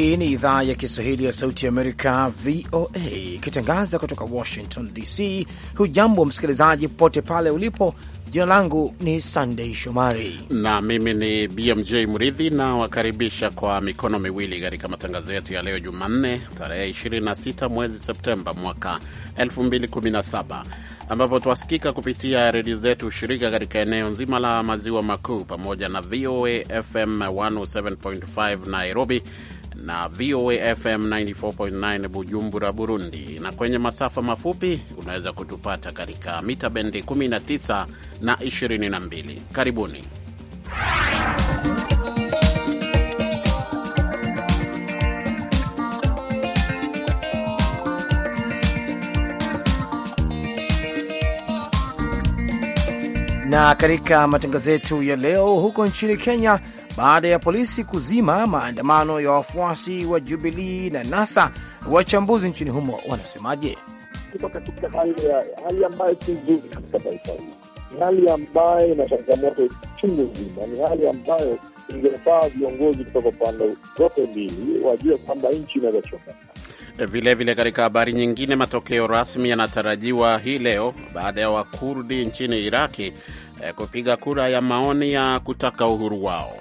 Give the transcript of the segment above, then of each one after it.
Hii ni idhaa ya Kiswahili ya Sauti Amerika, VOA, ikitangaza kutoka Washington DC. Hujambo msikilizaji, popote pale ulipo. Jina langu ni Sandei Shomari na mimi ni BMJ Mridhi, na wakaribisha kwa mikono miwili katika matangazo yetu ya leo Jumanne, tarehe 26 mwezi Septemba mwaka 2017 ambapo twasikika kupitia redio zetu shirika katika eneo nzima la maziwa makuu pamoja na VOA FM 107.5 Nairobi na VOA FM 94.9 Bujumbura, Burundi, na kwenye masafa mafupi unaweza kutupata katika mita bendi 19 na 22. Karibuni. Na katika matangazo yetu ya leo, huko nchini Kenya, baada ya polisi kuzima maandamano ya wafuasi wa Jubilii na NASA, wachambuzi nchini humo wanasemaje? Tuko katika hali ambayo si nzuri katika taifa hili, ni hali ambayo ina changamoto chungu nzima, ni hali ambayo ingefaa viongozi kutoka upande zote mbili wajue kwamba nchi inazochoka Vilevile, eh, katika habari nyingine, matokeo rasmi yanatarajiwa hii leo baada ya Wakurdi nchini Iraki eh, kupiga kura ya maoni ya kutaka uhuru wao.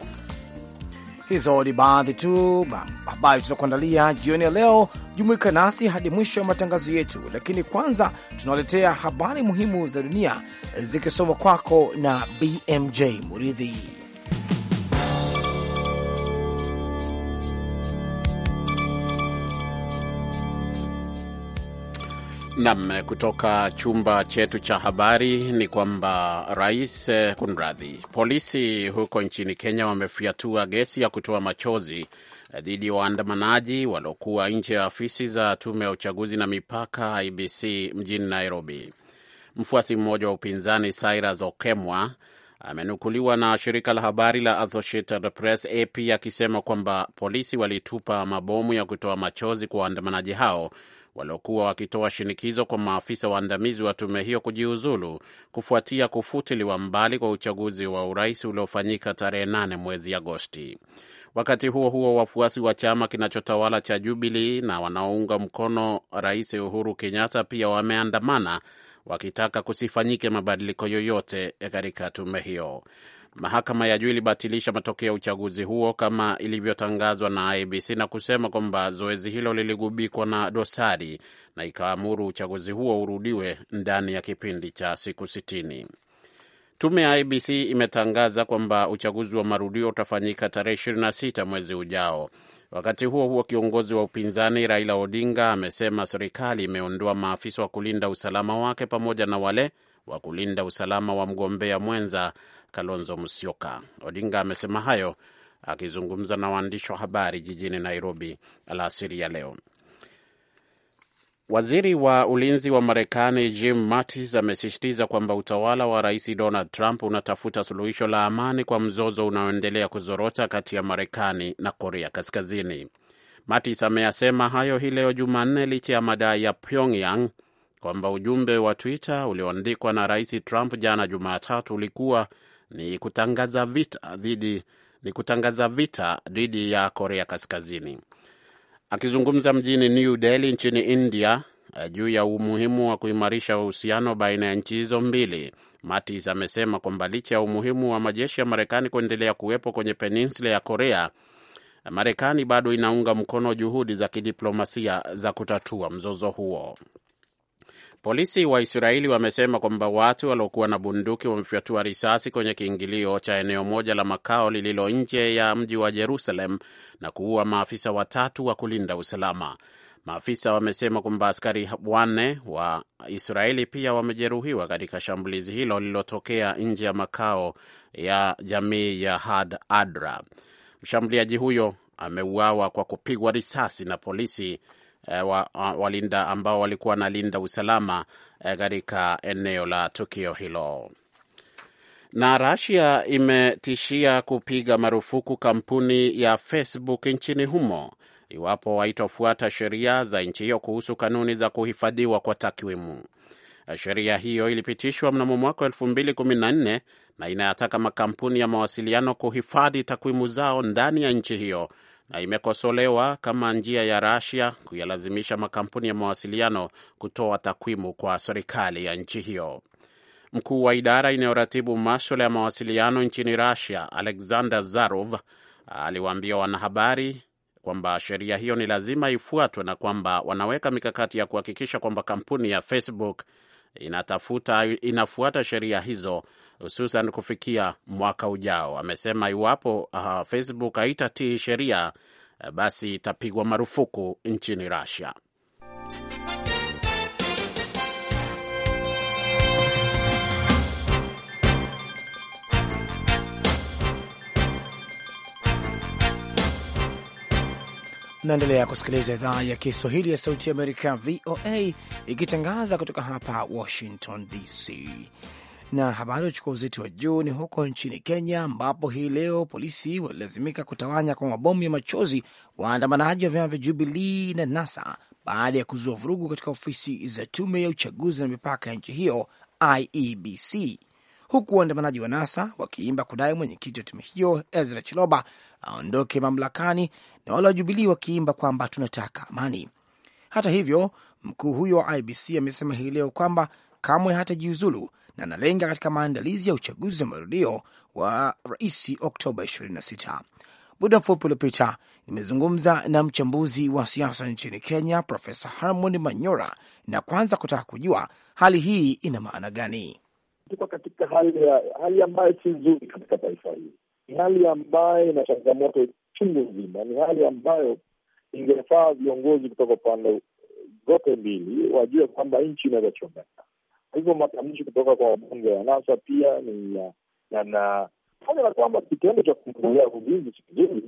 Hizo ni baadhi tu habari tutakuandalia jioni ya leo. Jumuika nasi hadi mwisho wa matangazo yetu, lakini kwanza tunawaletea habari muhimu za dunia eh, zikisomwa kwako na BMJ Muridhi. Nam, kutoka chumba chetu cha habari ni kwamba rais eh, kunradhi, polisi huko nchini Kenya wamefiatua gesi ya kutoa machozi eh, dhidi ya waandamanaji waliokuwa nje ya afisi za tume ya uchaguzi na mipaka IBC mjini Nairobi. Mfuasi mmoja wa upinzani Cyrus Okemwa amenukuliwa na shirika la habari la Associated Press AP akisema kwamba polisi walitupa mabomu ya kutoa machozi kwa waandamanaji hao waliokuwa wakitoa shinikizo kwa maafisa waandamizi wa tume hiyo kujiuzulu kufuatia kufutiliwa mbali kwa uchaguzi wa urais uliofanyika tarehe nane mwezi Agosti. Wakati huo huo, wafuasi wa chama kinachotawala cha Jubilee na wanaounga mkono Rais Uhuru Kenyatta pia wameandamana wakitaka kusifanyike mabadiliko yoyote katika tume hiyo. Mahakama ya juu ilibatilisha matokeo ya uchaguzi huo kama ilivyotangazwa na IBC na kusema kwamba zoezi hilo liligubikwa na dosari na ikaamuru uchaguzi huo urudiwe ndani ya kipindi cha siku sitini. Tume ya IBC imetangaza kwamba uchaguzi wa marudio utafanyika tarehe 26 mwezi ujao. Wakati huo huo, kiongozi wa upinzani Raila Odinga amesema serikali imeondoa maafisa wa kulinda usalama wake pamoja na wale wa kulinda usalama wa mgombea mwenza Kalonzo Musyoka. Odinga amesema hayo akizungumza na waandishi wa habari jijini Nairobi alasiri ya leo. Waziri wa ulinzi wa Marekani Jim Mattis amesisitiza kwamba utawala wa Rais Donald Trump unatafuta suluhisho la amani kwa mzozo unaoendelea kuzorota kati ya Marekani na Korea Kaskazini. Mattis ameyasema hayo hii leo Jumanne licha ya madai ya Pyongyang kwamba ujumbe wa Twitter ulioandikwa na Rais Trump jana Jumatatu ulikuwa ni kutangaza vita dhidi ni kutangaza vita dhidi ya Korea Kaskazini. Akizungumza mjini New Delhi nchini India eh, juu ya umuhimu wa kuimarisha uhusiano baina ya nchi hizo mbili, Mattis amesema kwamba licha ya umuhimu wa majeshi ya Marekani kuendelea kuwepo kwenye peninsula ya Korea, Marekani bado inaunga mkono juhudi za kidiplomasia za kutatua mzozo huo. Polisi wa Israeli wamesema kwamba watu waliokuwa na bunduki wamefyatua risasi kwenye kiingilio cha eneo moja la makao lililo nje ya mji wa Jerusalem na kuua maafisa watatu wa kulinda usalama. Maafisa wamesema kwamba askari wanne wa Israeli pia wamejeruhiwa katika shambulizi hilo lililotokea nje ya makao ya jamii ya Had Adra. Mshambuliaji huyo ameuawa kwa kupigwa risasi na polisi Eh, wa, walinda ambao walikuwa wanalinda usalama eh, katika eneo la tukio hilo. Na Russia imetishia kupiga marufuku kampuni ya Facebook nchini humo iwapo haitofuata sheria za nchi hiyo kuhusu kanuni za kuhifadhiwa kwa takwimu. Eh, sheria hiyo ilipitishwa mnamo mwaka elfu mbili kumi na nne na inayataka makampuni ya mawasiliano kuhifadhi takwimu zao ndani ya nchi hiyo na imekosolewa kama njia ya Russia kuyalazimisha makampuni ya mawasiliano kutoa takwimu kwa serikali ya nchi hiyo. Mkuu wa idara inayoratibu maswala ya mawasiliano nchini Russia, Alexander Zarov, aliwaambia wanahabari kwamba sheria hiyo ni lazima ifuatwe na kwamba wanaweka mikakati ya kuhakikisha kwamba kampuni ya Facebook inatafuta inafuata sheria hizo hususan kufikia mwaka ujao. Amesema iwapo uh, Facebook haitatii sheria uh, basi itapigwa marufuku nchini Russia. Naendelea kusikiliza idhaa ya Kiswahili ya Sauti ya Amerika, VOA, ikitangaza kutoka hapa Washington DC. Na habari uchukua uzito wa juu ni huko nchini Kenya, ambapo hii leo polisi walilazimika kutawanya kwa mabomu ya machozi waandamanaji wa vyama vya Jubilii na NASA baada ya kuzua vurugu katika ofisi za tume ya uchaguzi na mipaka ya nchi hiyo IEBC, huku waandamanaji wa NASA wakiimba kudai mwenyekiti wa tume hiyo Ezra Chiloba aondoke mamlakani na wale wa Jubilii wakiimba kwamba tunataka amani. Hata hivyo, mkuu huyo wa IBC amesema hii leo kwamba kamwe hatajiuzulu na analenga katika maandalizi ya uchaguzi wa marudio wa rais Oktoba 26. Muda mfupi uliopita nimezungumza na mchambuzi wa siasa nchini Kenya, Profesa Harmon Manyora, na kwanza kutaka kujua hali hii ina maana gani. Tuko katika hali, hali ambayo si nzuri katika taifa hili, ni hali ambayo ina changamoto chungu nzima. Ni hali ambayo ingefaa viongozi kutoka upande zote mbili wajue kwamba nchi inaweza chomeka. Kwa hivyo matamshi kutoka kwa wabunge wa NASA pia ni yana pamoja na kwamba kitendo cha kuendelea ulinzi si kizuri,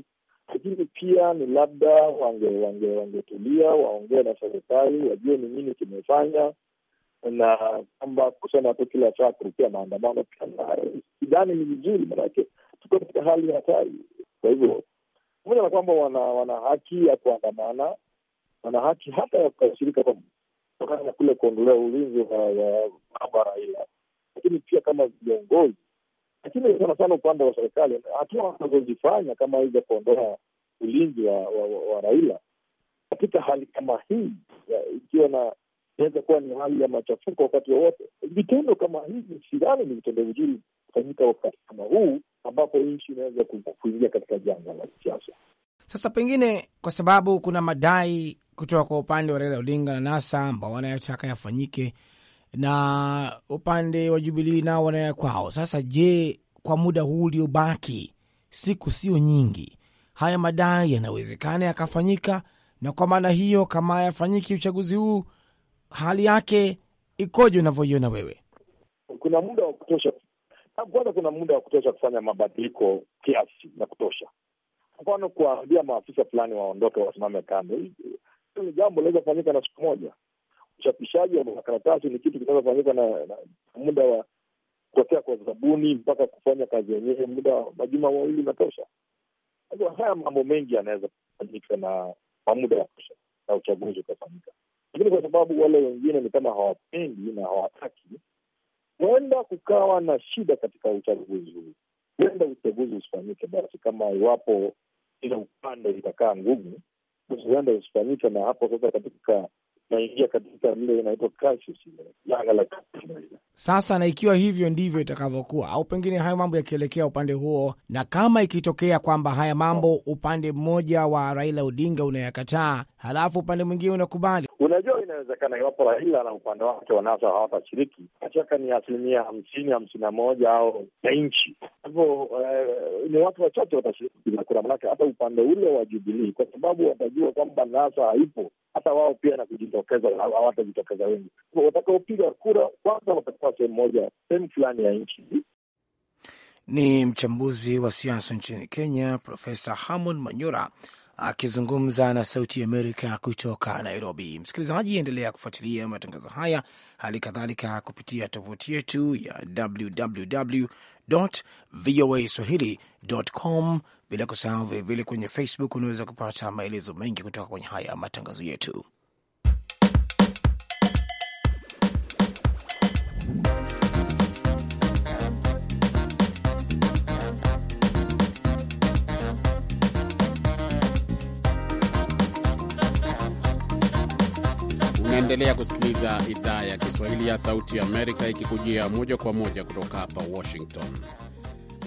lakini pia ni labda wangetulia wange, wange waongee na serikali wajue ni nini kimefanya, na kwamba kusema tu kila saa kurukia maandamano pia sidhani ni vizuri, manake tuko katika hali hatari. Kwa hivyo pamoja na kwamba wana wana haki ya kuandamana, wana haki hata ya kushirika kutokana na kule kuondolea ulinzi wa baba Raila, lakini pia kama viongozi, lakini sana sana upande wa serikali, hatua wanazozifanya kama ya kuondoa ulinzi wa, wa, wa, wa Raila katika hali kama hii ikiwa na inaweza kuwa ni hali ya machafuko wakati wowote. Vitendo kama hivi sidhani ni vitendo vizuri kufanyika wakati kama huu, ambapo nchi inaweza kuingia katika janga la kisiasa. Sasa pengine kwa sababu kuna madai kutoka kwa upande wa Raila Odinga na NASA ambao wanayotaka yafanyike na upande wa Jubilii nao wanaya kwao. Sasa je, kwa muda huu uliobaki, siku sio nyingi, haya madai yanawezekana yakafanyika? Na kwa maana hiyo, kama hayafanyiki uchaguzi huu, hali yake ikoje unavyoiona wewe? Kuna muda wa kutosha kwanza kuna muda wa kutosha kufanya mabadiliko kiasi na kutosha. Mfano, kuwaambia maafisa fulani waondoke, wasimame kando, ni jambo linaweza kufanyika na siku moja. Uchapishaji wa makaratasi ni kitu kinaweza na, na muda wa kuotea kwa zabuni mpaka kufanya kazi yenyewe, muda wa majuma mawili unatosha. Haya mambo mengi yanaweza kufanyika na kwa muda wa kutosha na uchaguzi ukafanyika, lakini kwa sababu wale wengine ni kama hawapendi na hawataki huenda kukawa na shida katika uchaguzi huu, huenda uchaguzi usifanyike basi, kama iwapo kila upande itakaa ngumu, huenda usifanyike, na hapo sasa katika naingia katika lile inaitwa crisis, janga la sasa. Na ikiwa hivyo ndivyo itakavyokuwa, au pengine hayo mambo yakielekea upande huo, na kama ikitokea kwamba haya mambo upande mmoja wa Raila Odinga unayakataa, halafu upande mwingine unakubali Unajua, inawezekana iwapo Raila na upande wake wa nasa hawatashiriki, shaka ni asilimia hamsini hamsini na moja au ya nchi. Kwa hivyo eh, ni watu wachache watashiriki kupiga kura, manake hata upande ule wa Jubilii, kwa sababu watajua kwamba NASA haipo, hata wao pia na kujitokeza hawatajitokeza wengi. Watakaopiga kura kwanza watakuwa sehemu moja, sehemu fulani ya nchi. Ni mchambuzi wa siasa nchini Kenya, Profesa Hamon Manyora akizungumza na Sauti ya Amerika kutoka Nairobi. Msikilizaji, endelea kufuatilia matangazo haya, hali kadhalika kupitia tovuti yetu ya www voa swahili.com. Bila kusahau vilevile kwenye Facebook unaweza kupata maelezo mengi kutoka kwenye haya matangazo yetu. Unaendelea kusikiliza idhaa ya Kiswahili ya Sauti ya Amerika ikikujia moja kwa moja kutoka hapa Washington.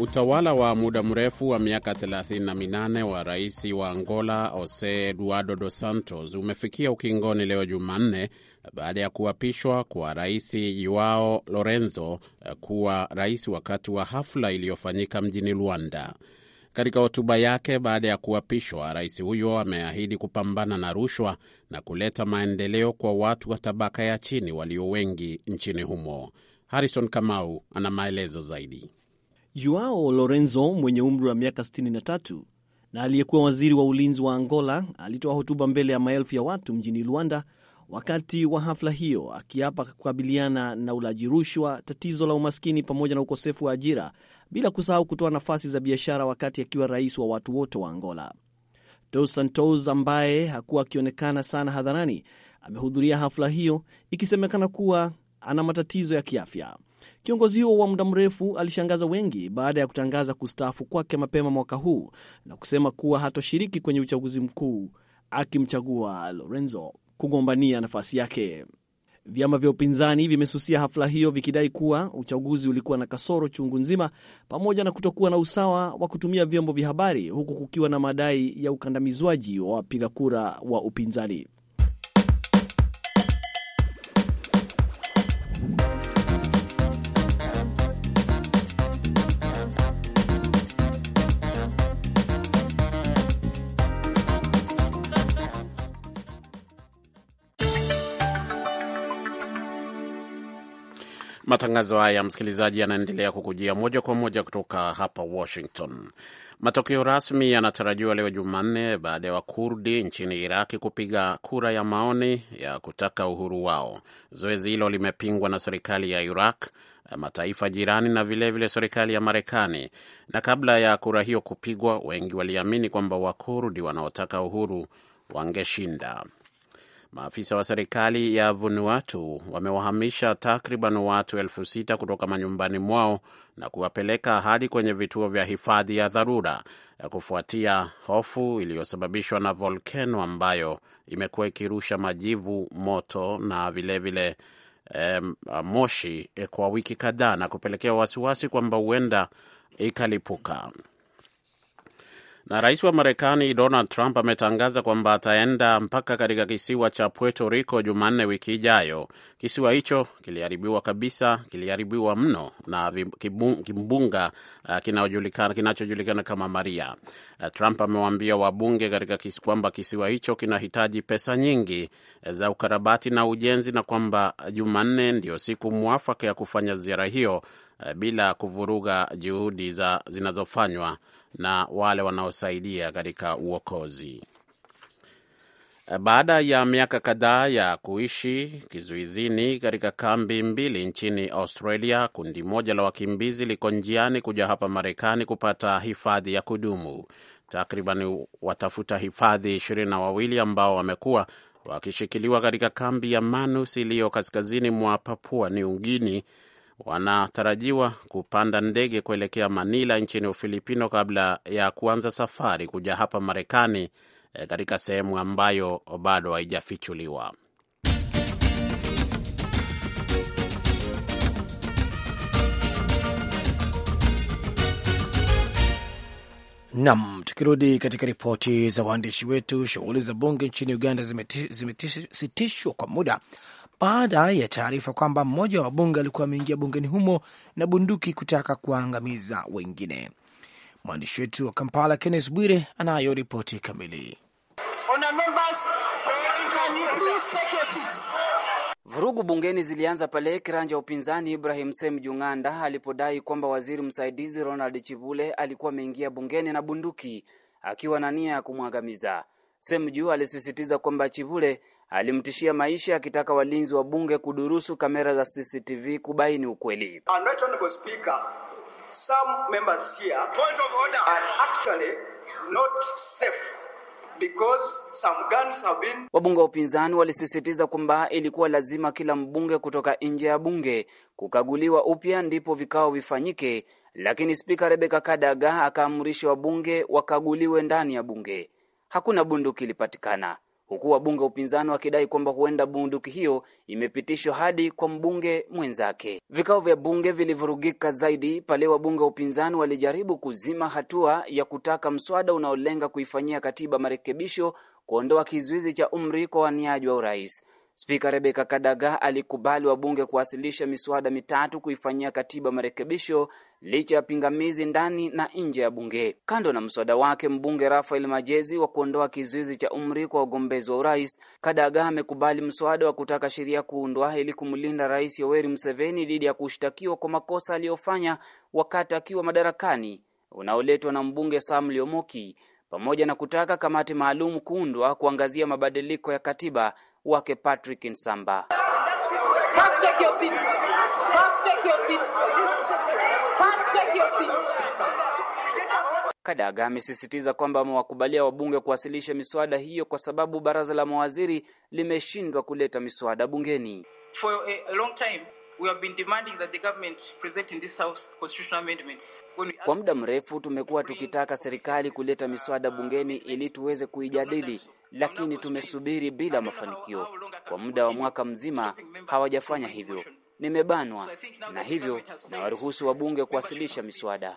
Utawala wa muda mrefu wa miaka 38 wa rais wa Angola Jose Eduardo Dos Santos umefikia ukingoni leo Jumanne baada ya kuapishwa kwa rais Joao Lorenzo kuwa rais wakati wa hafla iliyofanyika mjini Luanda. Katika hotuba yake baada ya kuapishwa, rais huyo ameahidi kupambana na rushwa na kuleta maendeleo kwa watu wa tabaka ya chini walio wengi nchini humo. Harrison Kamau ana maelezo zaidi. Joao Lorenzo mwenye umri wa miaka 63 na aliyekuwa waziri wa ulinzi wa Angola alitoa hotuba mbele ya maelfu ya watu mjini Luanda wakati wa hafla hiyo, akiapa kukabiliana na ulaji rushwa, tatizo la umaskini pamoja na ukosefu wa ajira bila kusahau kutoa nafasi za biashara wakati akiwa rais wa watu wote wa Angola. Dos Santos ambaye hakuwa akionekana sana hadharani amehudhuria hafla hiyo, ikisemekana kuwa ana matatizo ya kiafya. Kiongozi huo wa muda mrefu alishangaza wengi baada ya kutangaza kustaafu kwake mapema mwaka huu na kusema kuwa hatoshiriki kwenye uchaguzi mkuu, akimchagua Lorenzo kugombania nafasi yake. Vyama vya upinzani vimesusia hafla hiyo vikidai kuwa uchaguzi ulikuwa na kasoro chungu nzima, pamoja na kutokuwa na usawa wa kutumia vyombo vya habari, huku kukiwa na madai ya ukandamizwaji wa wapiga kura wa upinzani. Matangazo haya, msikilizaji, yanaendelea kukujia moja kwa moja kutoka hapa Washington. Matokeo rasmi yanatarajiwa leo Jumanne baada ya Wakurdi nchini Iraki kupiga kura ya maoni ya kutaka uhuru wao. Zoezi hilo limepingwa na serikali ya Iraq, mataifa jirani na vilevile serikali ya Marekani. Na kabla ya kura hiyo kupigwa, wengi waliamini kwamba Wakurdi wanaotaka uhuru wangeshinda. Maafisa wa serikali ya Vanuatu wamewahamisha takriban watu elfu sita kutoka manyumbani mwao na kuwapeleka hadi kwenye vituo vya hifadhi ya dharura ya kufuatia hofu iliyosababishwa na volkeno ambayo imekuwa ikirusha majivu, moto na vilevile vile, eh, moshi eh, kwa wiki kadhaa na kupelekea wasiwasi kwamba huenda ikalipuka. Na rais wa Marekani Donald Trump ametangaza kwamba ataenda mpaka katika kisiwa cha Puerto Rico Jumanne wiki ijayo. Kisiwa hicho kiliharibiwa kabisa, kiliharibiwa mno na kimbunga uh, kinachojulikana kama Maria. Uh, Trump amewaambia wabunge katika kisi kwamba kisiwa hicho kinahitaji pesa nyingi uh, za ukarabati na ujenzi na kwamba Jumanne ndio siku mwafaka ya kufanya ziara hiyo Eh, bila kuvuruga juhudi za zinazofanywa na wale wanaosaidia katika uokozi. Eh, baada ya miaka kadhaa ya kuishi kizuizini katika kambi mbili nchini Australia, kundi moja la wakimbizi liko njiani kuja hapa Marekani kupata hifadhi ya kudumu. Takriban watafuta hifadhi ishirini na wawili ambao wamekuwa wakishikiliwa katika kambi ya Manus iliyo kaskazini mwa Papua New Guinea wanatarajiwa kupanda ndege kuelekea Manila nchini Ufilipino kabla ya kuanza safari kuja hapa Marekani, e, katika sehemu ambayo bado haijafichuliwa. Nam, tukirudi katika ripoti za waandishi wetu, shughuli za bunge nchini Uganda zimesitishwa kwa muda baada ya taarifa kwamba mmoja wa bunge alikuwa ameingia bungeni humo na bunduki kutaka kuwaangamiza wengine. Mwandishi wetu wa Kampala, kennes Bwire, anayo ripoti kamili. Vurugu bungeni zilianza pale kiranja upinzani Ibrahim Junganda alipodai kwamba waziri msaidizi Ronald Chivule alikuwa ameingia bungeni na bunduki akiwa na nia ya kumwangamiza. Semju alisisitiza kwamba Chivule alimtishia maisha akitaka walinzi wa bunge kudurusu kamera za CCTV kubaini ukweli. Wabunge wa upinzani walisisitiza kwamba ilikuwa lazima kila mbunge kutoka nje ya bunge kukaguliwa upya ndipo vikao vifanyike, lakini Spika Rebeka Kadaga akaamrisha wabunge wakaguliwe ndani ya bunge. Hakuna bunduki ilipatikana huku wabunge wa upinzani wakidai kwamba huenda bunduki hiyo imepitishwa hadi kwa mbunge mwenzake. Vikao vya bunge vilivurugika zaidi pale wabunge wa upinzani walijaribu kuzima hatua ya kutaka mswada unaolenga kuifanyia katiba marekebisho kuondoa kizuizi cha umri kwa waniaji wa urais. Spika Rebeka Kadaga alikubali wabunge kuwasilisha miswada mitatu kuifanyia katiba marekebisho licha ya pingamizi ndani na nje ya bunge. Kando na mswada wake mbunge Rafael Majezi wa kuondoa kizuizi cha umri kwa wagombezi wa urais, Kadaga amekubali mswada wa kutaka sheria kuundwa ili kumlinda Rais Yoweri Museveni dhidi ya kushtakiwa kwa makosa aliyofanya wakati akiwa madarakani unaoletwa na mbunge Sam Liomoki pamoja na kutaka kamati maalum kuundwa kuangazia mabadiliko ya katiba wake Patrick Nsamba Kadaga amesisitiza kwamba amewakubalia wabunge kuwasilisha miswada hiyo kwa sababu baraza la mawaziri limeshindwa kuleta miswada bungeni For a long time. Kwa muda mrefu tumekuwa tukitaka serikali kuleta miswada bungeni ili tuweze kuijadili, lakini tumesubiri bila mafanikio. Kwa muda wa mwaka mzima hawajafanya hivyo. Nimebanwa na hivyo na waruhusu wabunge kuwasilisha miswada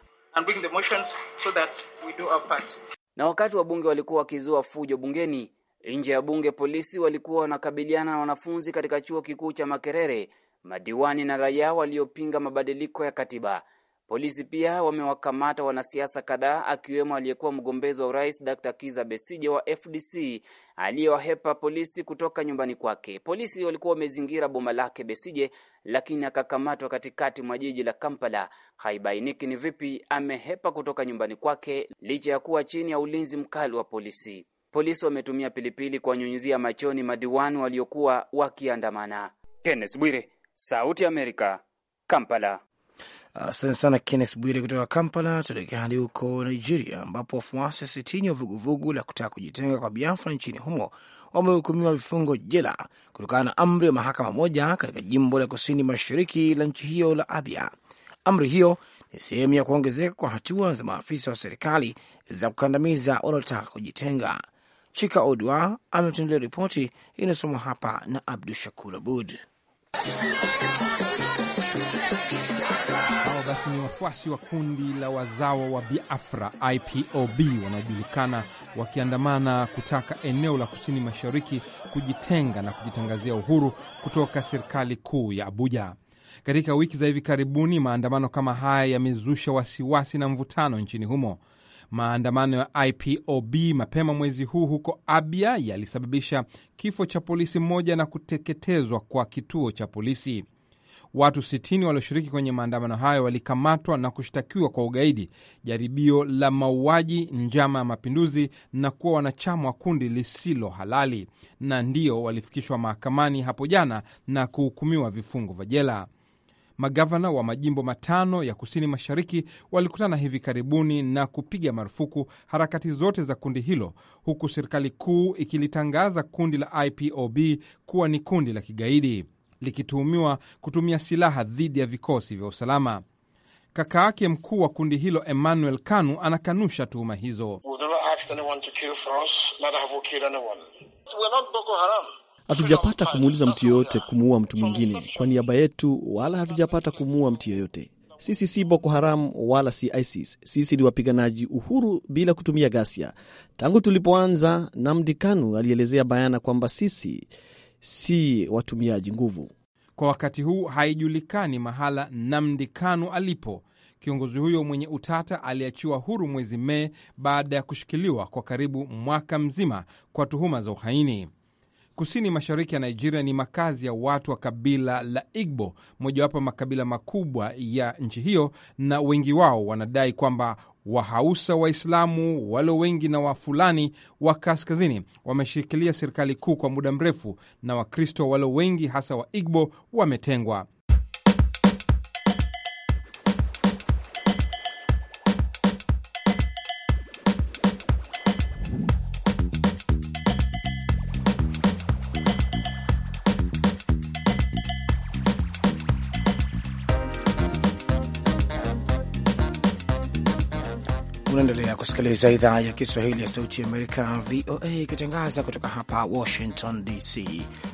na wakati wabunge walikuwa wakizua fujo bungeni, nje ya bunge polisi walikuwa wanakabiliana na wanafunzi katika chuo kikuu cha Makerere madiwani na raia waliopinga mabadiliko ya katiba. Polisi pia wamewakamata wanasiasa kadhaa akiwemo aliyekuwa mgombezi wa urais Dr. Kiza Besije wa FDC aliyewahepa polisi kutoka nyumbani kwake. Polisi walikuwa wamezingira boma lake Besije, lakini akakamatwa katikati mwa jiji la Kampala. Haibainiki ni vipi amehepa kutoka nyumbani kwake licha ya kuwa chini ya ulinzi mkali wa polisi. Polisi wametumia pilipili kuwanyunyizia machoni madiwani waliokuwa wakiandamana. Kenneth Bwire, Sauti ya Amerika, Kampala. Asante sana Kennes Bwire kutoka Kampala. Tuelekea hadi huko Nigeria, ambapo wafuasi sitini wa vuguvugu la kutaka kujitenga kwa Biafra nchini humo wamehukumiwa vifungo jela kutokana na amri ya mahakama moja katika jimbo la kusini mashariki la nchi hiyo la Abia. Amri hiyo ni sehemu ya kuongezeka kwa hatua za maafisa wa serikali za kukandamiza wanaotaka kujitenga. Chika Odwa ametendelea ripoti inayosomwa hapa na Abdu Shakur Abud. Hao basi ni wafuasi wa kundi la wazawa wa Biafra IPOB wanaojulikana wakiandamana kutaka eneo la kusini mashariki kujitenga na kujitangazia uhuru kutoka serikali kuu ya Abuja. Katika wiki za hivi karibuni, maandamano kama haya yamezusha wasiwasi na mvutano nchini humo. Maandamano ya IPOB mapema mwezi huu huko Abia yalisababisha kifo cha polisi mmoja na kuteketezwa kwa kituo cha polisi. Watu 60 walioshiriki kwenye maandamano hayo walikamatwa na kushtakiwa kwa ugaidi, jaribio la mauaji, njama ya mapinduzi na kuwa wanachama wa kundi lisilo halali, na ndiyo walifikishwa mahakamani hapo jana na kuhukumiwa vifungo vya jela magavana wa majimbo matano ya kusini mashariki walikutana hivi karibuni na kupiga marufuku harakati zote za kundi hilo, huku serikali kuu ikilitangaza kundi la IPOB kuwa ni kundi la kigaidi likituhumiwa kutumia silaha dhidi ya vikosi vya usalama. Kaka yake mkuu wa kundi hilo Emmanuel Kanu anakanusha tuhuma hizo. Hatujapata kumuuliza mtu yoyote kumuua mtu mwingine kwa niaba yetu, wala hatujapata kumuua mtu yoyote. Sisi si Boko Haram wala si ISIS. Sisi ni wapiganaji uhuru bila kutumia ghasia tangu tulipoanza. Namdi Kanu alielezea bayana kwamba sisi si watumiaji nguvu. Kwa wakati huu haijulikani mahala Namdi Kanu alipo. Kiongozi huyo mwenye utata aliachiwa huru mwezi Mei baada ya kushikiliwa kwa karibu mwaka mzima kwa tuhuma za uhaini kusini mashariki ya Nigeria ni makazi ya watu wa kabila la Igbo, mojawapo ya makabila makubwa ya nchi hiyo, na wengi wao wanadai kwamba Wahausa Waislamu walio wengi na Wafulani wa kaskazini wameshikilia serikali kuu kwa muda mrefu, na Wakristo walio wengi hasa Waigbo wametengwa. kusikiliza idhaa ya Kiswahili ya Sauti ya Amerika, VOA, ikitangaza kutoka hapa Washington DC.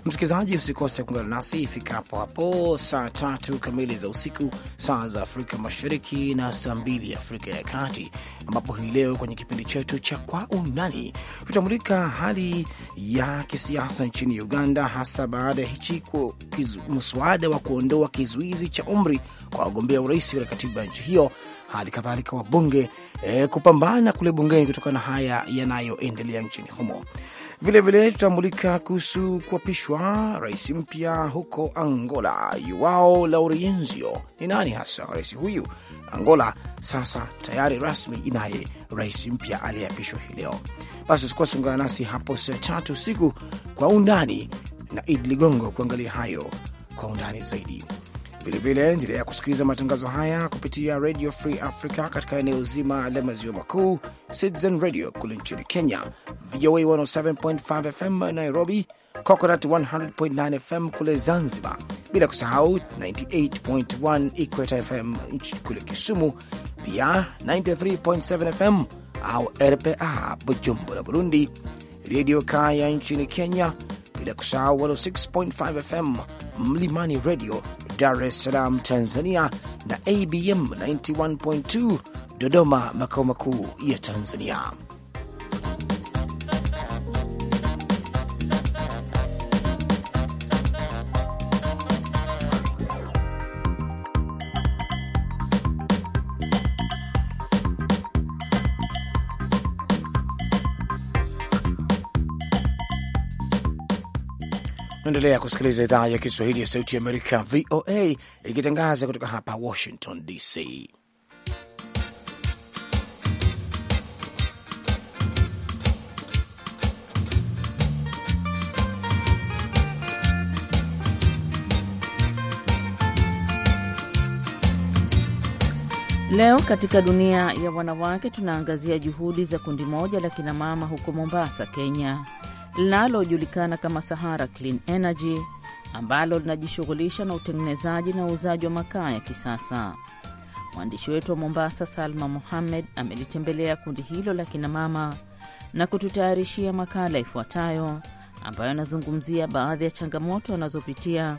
Msikilizaji, usikose kuungana nasi ifikapo hapo saa tatu kamili za usiku, saa za Afrika Mashariki, na saa mbili Afrika ya Kati, ambapo hii leo kwenye kipindi chetu cha Kwa Undani tutamulika hali ya kisiasa nchini Uganda, hasa baada ya hichi mswada wa kuondoa kizuizi cha umri kwa wagombea urais katika katiba ya nchi hiyo hali kadhalika wabunge e, kupambana kule bungeni kutokana na haya yanayoendelea nchini humo. Vilevile tutamulika kuhusu kuapishwa rais mpya huko Angola, Yuao Laurienzio. Ni nani hasa rais huyu? Angola sasa tayari rasmi inaye rais mpya aliyeapishwa hii leo. Basi usikose, ungana nasi hapo saa tatu usiku kwa undani na Idi Ligongo kuangalia hayo kwa undani zaidi. Vilevile endelea kusikiliza matangazo haya kupitia Radio Free Africa katika eneo zima la maziwa makuu, Citizen Radio kule nchini Kenya, VOA 107.5 FM Nairobi, Coconut 100.9 FM kule Zanzibar, bila kusahau 98.1 Equator FM kule Kisumu, pia 93.7 FM au RPA Bujumbura, Burundi, Redio Kaya nchini Kenya, bila kusahau 106.5 FM Mlimani Radio Dar es Salaam Tanzania, na ABM 91.2 Dodoma, makao makuu ya Tanzania. Naendelea kusikiliza idhaa ya Kiswahili ya Sauti ya Amerika, VOA, ikitangaza kutoka hapa Washington DC. Leo katika dunia ya wanawake tunaangazia juhudi za kundi moja la kinamama huko Mombasa, Kenya linalojulikana kama Sahara Clean Energy ambalo linajishughulisha na utengenezaji na uuzaji wa makaa ya kisasa. Mwandishi wetu wa Mombasa, Salma Muhammed, amelitembelea kundi hilo la kinamama na kututayarishia makala ifuatayo ambayo anazungumzia baadhi ya changamoto wanazopitia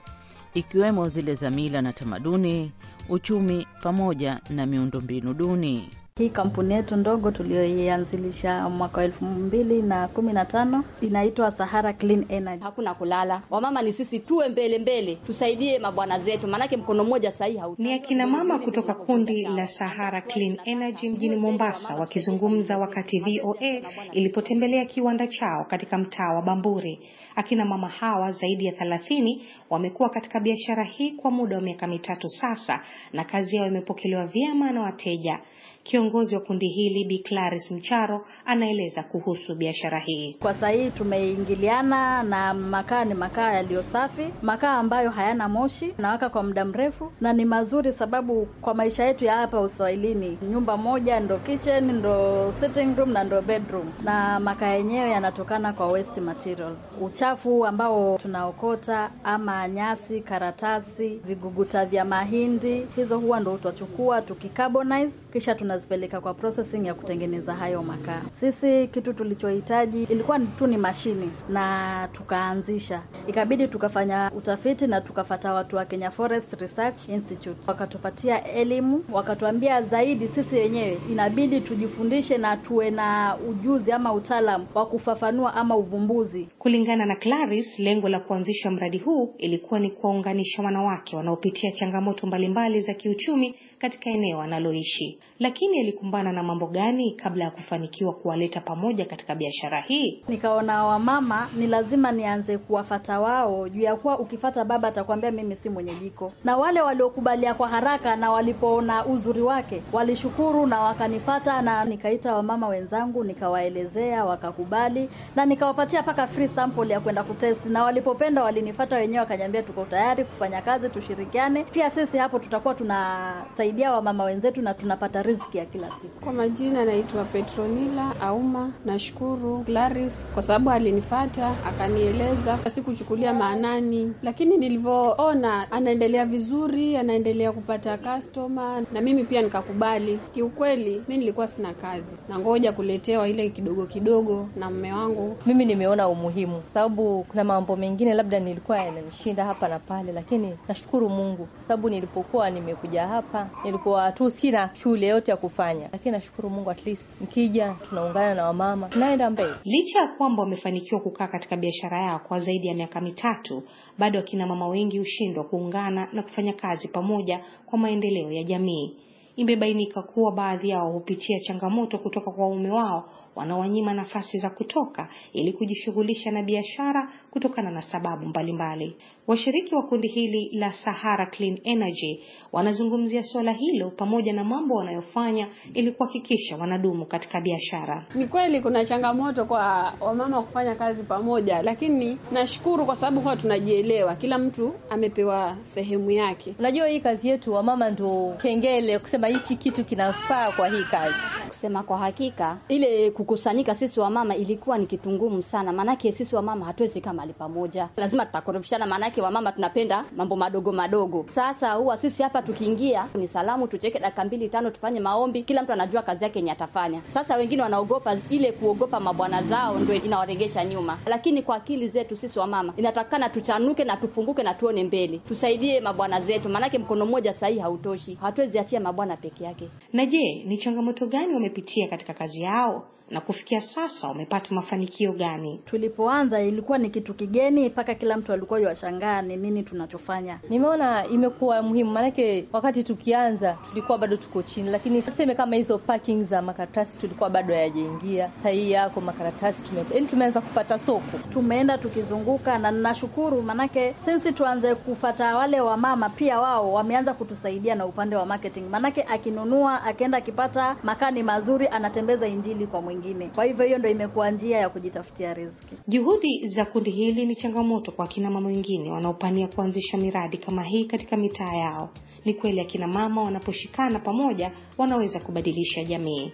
ikiwemo zile za mila na tamaduni, uchumi pamoja na miundombinu duni. Hii kampuni yetu ndogo tuliyoianzilisha mwaka wa elfu mbili na kumi na tano inaitwa Sahara Clean Energy. Hakuna kulala, wamama ni sisi, tuwe mbele mbele, tusaidie mabwana zetu, maanake mkono mmoja sahihi hau. Ni akina mama kutoka kundi la Sahara Clean Energy mjini Mombasa wakizungumza wakati VOA ilipotembelea kiwanda chao katika mtaa wa Bamburi. Akina mama hawa zaidi ya thelathini wamekuwa katika biashara hii kwa muda wa miaka mitatu sasa, na kazi yao imepokelewa vyema na wateja. Kiongozi wa kundi hili Bi Clarice Mcharo anaeleza kuhusu biashara hii. Kwa sasa hii tumeingiliana na makaa, ni makaa yaliyo safi, makaa ambayo hayana moshi, nawaka kwa muda mrefu na ni mazuri, sababu kwa maisha yetu ya hapa Uswahilini nyumba moja ndo kitchen ndo sitting room na ndo bedroom, na makaa yenyewe yanatokana kwa waste materials, uchafu ambao tunaokota ama nyasi, karatasi, viguguta vya mahindi, hizo huwa ndo tutachukua tukicarbonize kisha tuna tunazipeleka kwa processing ya kutengeneza hayo makaa. Sisi kitu tulichohitaji ilikuwa tu ni mashini, na tukaanzisha, ikabidi tukafanya utafiti na tukafata watu wa Kenya Forest Research Institute, wakatupatia elimu, wakatuambia zaidi sisi wenyewe inabidi tujifundishe na tuwe na ujuzi ama utaalam wa kufafanua ama uvumbuzi. Kulingana na Clarice, lengo la kuanzisha mradi huu ilikuwa ni kuwaunganisha wanawake wanaopitia changamoto mbalimbali za kiuchumi katika eneo analoishi. Lakini alikumbana na mambo gani kabla ya kufanikiwa kuwaleta pamoja katika biashara hii? Nikaona wamama ni lazima nianze kuwafata wao, juu ya kuwa ukifata baba atakwambia mimi si mwenye jiko, na wale waliokubalia kwa haraka na walipoona uzuri wake walishukuru na wakanifata, na nikaita wamama wenzangu nikawaelezea, wakakubali na nikawapatia mpaka free sample ya kwenda kutest, na walipopenda walinifata wenyewe, wakanyambia tuko tayari kufanya kazi, tushirikiane, pia sisi hapo tutakuwa tunasaidia tunawasaidia wamama wenzetu na tunapata riziki ya kila siku. Kwa majina naitwa Petronila Auma. Nashukuru Claris kwa sababu alinifata akanieleza, sikuchukulia maanani, lakini nilivyoona anaendelea vizuri, anaendelea kupata customer na mimi pia nikakubali. Kiukweli mi nilikuwa sina kazi na ngoja kuletewa ile kidogo kidogo na mme wangu. Mimi nimeona umuhimu, sababu kuna mambo mengine labda nilikuwa yananishinda hapa na pale, lakini nashukuru Mungu kwa sababu nilipokuwa nimekuja hapa nilikuwa tu sina shughuli yote ya kufanya, lakini nashukuru Mungu, at least nikija tunaungana na wamama, tunaenda mbele. Licha ya kwamba wamefanikiwa kukaa katika biashara yao kwa zaidi ya miaka mitatu, bado akina mama wengi hushindwa kuungana na kufanya kazi pamoja kwa maendeleo ya jamii. Imebainika kuwa baadhi yao hupitia changamoto kutoka kwa waume wao wanawanyima nafasi za kutoka ili kujishughulisha na biashara kutokana na sababu mbalimbali. Washiriki wa kundi hili la Sahara Clean Energy wanazungumzia suala hilo pamoja na mambo wanayofanya ili kuhakikisha wanadumu katika biashara. Ni kweli kuna changamoto kwa wamama wa kufanya kazi pamoja, lakini nashukuru kwa sababu huwa tunajielewa, kila mtu amepewa sehemu yake. Unajua hii kazi yetu wamama ndo kengele kusema hichi kitu kinafaa kwa hii kazi, kusema kwa hakika ile ku kukusanyika sisi wamama ilikuwa ni kitu ngumu sana, maanake sisi wamama hatuwezi kaa mahali pamoja, lazima tutakorofishana, maanake wamama tunapenda mambo madogo madogo. Sasa huwa sisi hapa tukiingia ni salamu, tucheke dakika mbili tano, tufanye maombi, kila mtu anajua kazi yake yenye atafanya. Sasa wengine wanaogopa, ile kuogopa mabwana zao ndo inawaregesha nyuma, lakini kwa akili zetu sisi wamama inatakana tuchanuke na tufunguke na tuone mbele, tusaidie mabwana zetu, maanake mkono mmoja sahihi hautoshi, hatuwezi achia mabwana peke yake. Na je, ni changamoto gani wamepitia katika kazi yao? na kufikia sasa umepata mafanikio gani? Tulipoanza ilikuwa ni kitu kigeni, mpaka kila mtu alikuwa yashangaa ni nini tunachofanya. Nimeona imekuwa muhimu, maanake wakati tukianza tulikuwa bado tuko chini, lakini tuseme kama hizo parking za makaratasi tulikuwa bado hayajaingia. sahii yako makaratasi tume, yani tumeanza kupata soko, tumeenda tukizunguka, na ninashukuru maanake sisi tuanze kufata wale wamama, pia wao wameanza kutusaidia na upande wa marketing, maanake akinunua, akienda, akipata makani mazuri, anatembeza injili kwa mwini mwingine. Kwa hivyo hiyo ndo imekuwa njia ya kujitafutia riziki. Juhudi za kundi hili ni changamoto kwa akina mama wengine wanaopania kuanzisha miradi kama hii katika mitaa yao. Ni kweli akina mama wanaposhikana pamoja wanaweza kubadilisha jamii.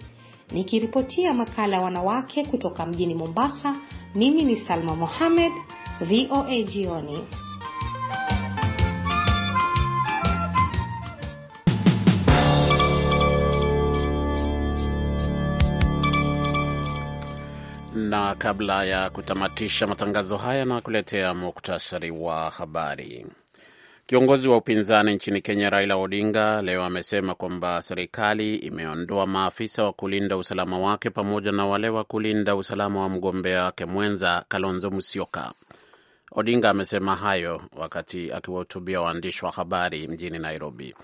Nikiripotia makala ya wanawake kutoka mjini Mombasa, mimi ni Salma Mohamed, VOA Jioni. na kabla ya kutamatisha matangazo haya na kuletea muktasari wa habari. Kiongozi wa upinzani nchini Kenya Raila Odinga leo amesema kwamba serikali imeondoa maafisa wa kulinda usalama wake pamoja na wale wa kulinda usalama wa mgombea wake mwenza Kalonzo Musyoka. Odinga amesema hayo wakati akiwahutubia waandishi wa habari mjini Nairobi.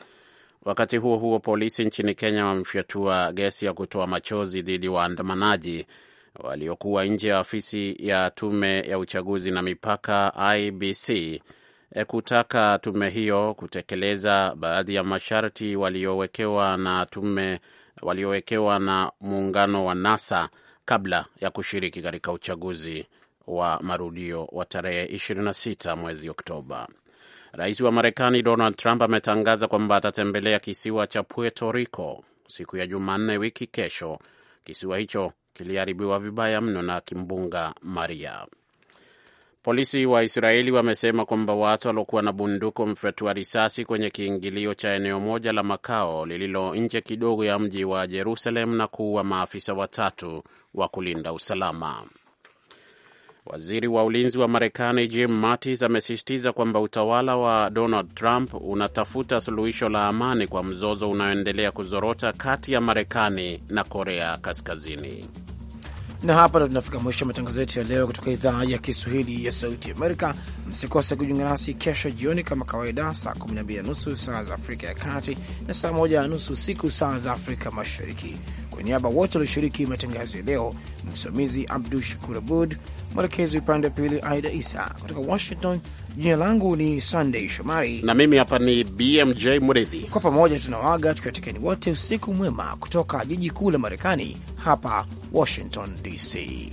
Wakati huo huo, polisi nchini Kenya wamefyatua gesi ya kutoa machozi dhidi ya waandamanaji waliokuwa nje ya ofisi ya tume ya uchaguzi na mipaka IBC e, kutaka tume hiyo kutekeleza baadhi ya masharti waliowekewa na tume waliowekewa na muungano wa NASA kabla ya kushiriki katika uchaguzi wa marudio wa tarehe 26 mwezi Oktoba. Rais wa Marekani Donald Trump ametangaza kwamba atatembelea kisiwa cha Puerto Rico siku ya Jumanne wiki kesho, kisiwa hicho kiliharibiwa vibaya mno na kimbunga Maria. Polisi wa Israeli wamesema kwamba watu waliokuwa na bunduki wamefyatua risasi kwenye kiingilio cha eneo moja la makao lililo nje kidogo ya mji wa Jerusalem na kuua maafisa watatu wa kulinda usalama. Waziri wa ulinzi wa Marekani Jim Mattis amesisitiza kwamba utawala wa Donald Trump unatafuta suluhisho la amani kwa mzozo unaoendelea kuzorota kati ya Marekani na Korea Kaskazini. Na hapa ndo tunafika mwisho wa matangazo yetu ya leo kutoka idhaa ya Kiswahili ya Sauti Amerika. Msikose kujiunga nasi kesho jioni kama kawaida, saa 12 nusu saa za Afrika ya Kati na saa 1 nusu usiku saa za Afrika Mashariki. Kwa niaba wote walioshiriki matangazo ya leo, msimamizi Abdu Shakur Abud, mwelekezi upande wa pili Aida Isa kutoka Washington. Jina langu ni Sunday Shomari na mimi hapa ni BMJ Mridhi. Kwa pamoja tunawaga tukiwatekeni wote usiku mwema kutoka jiji kuu la Marekani, hapa Washington DC.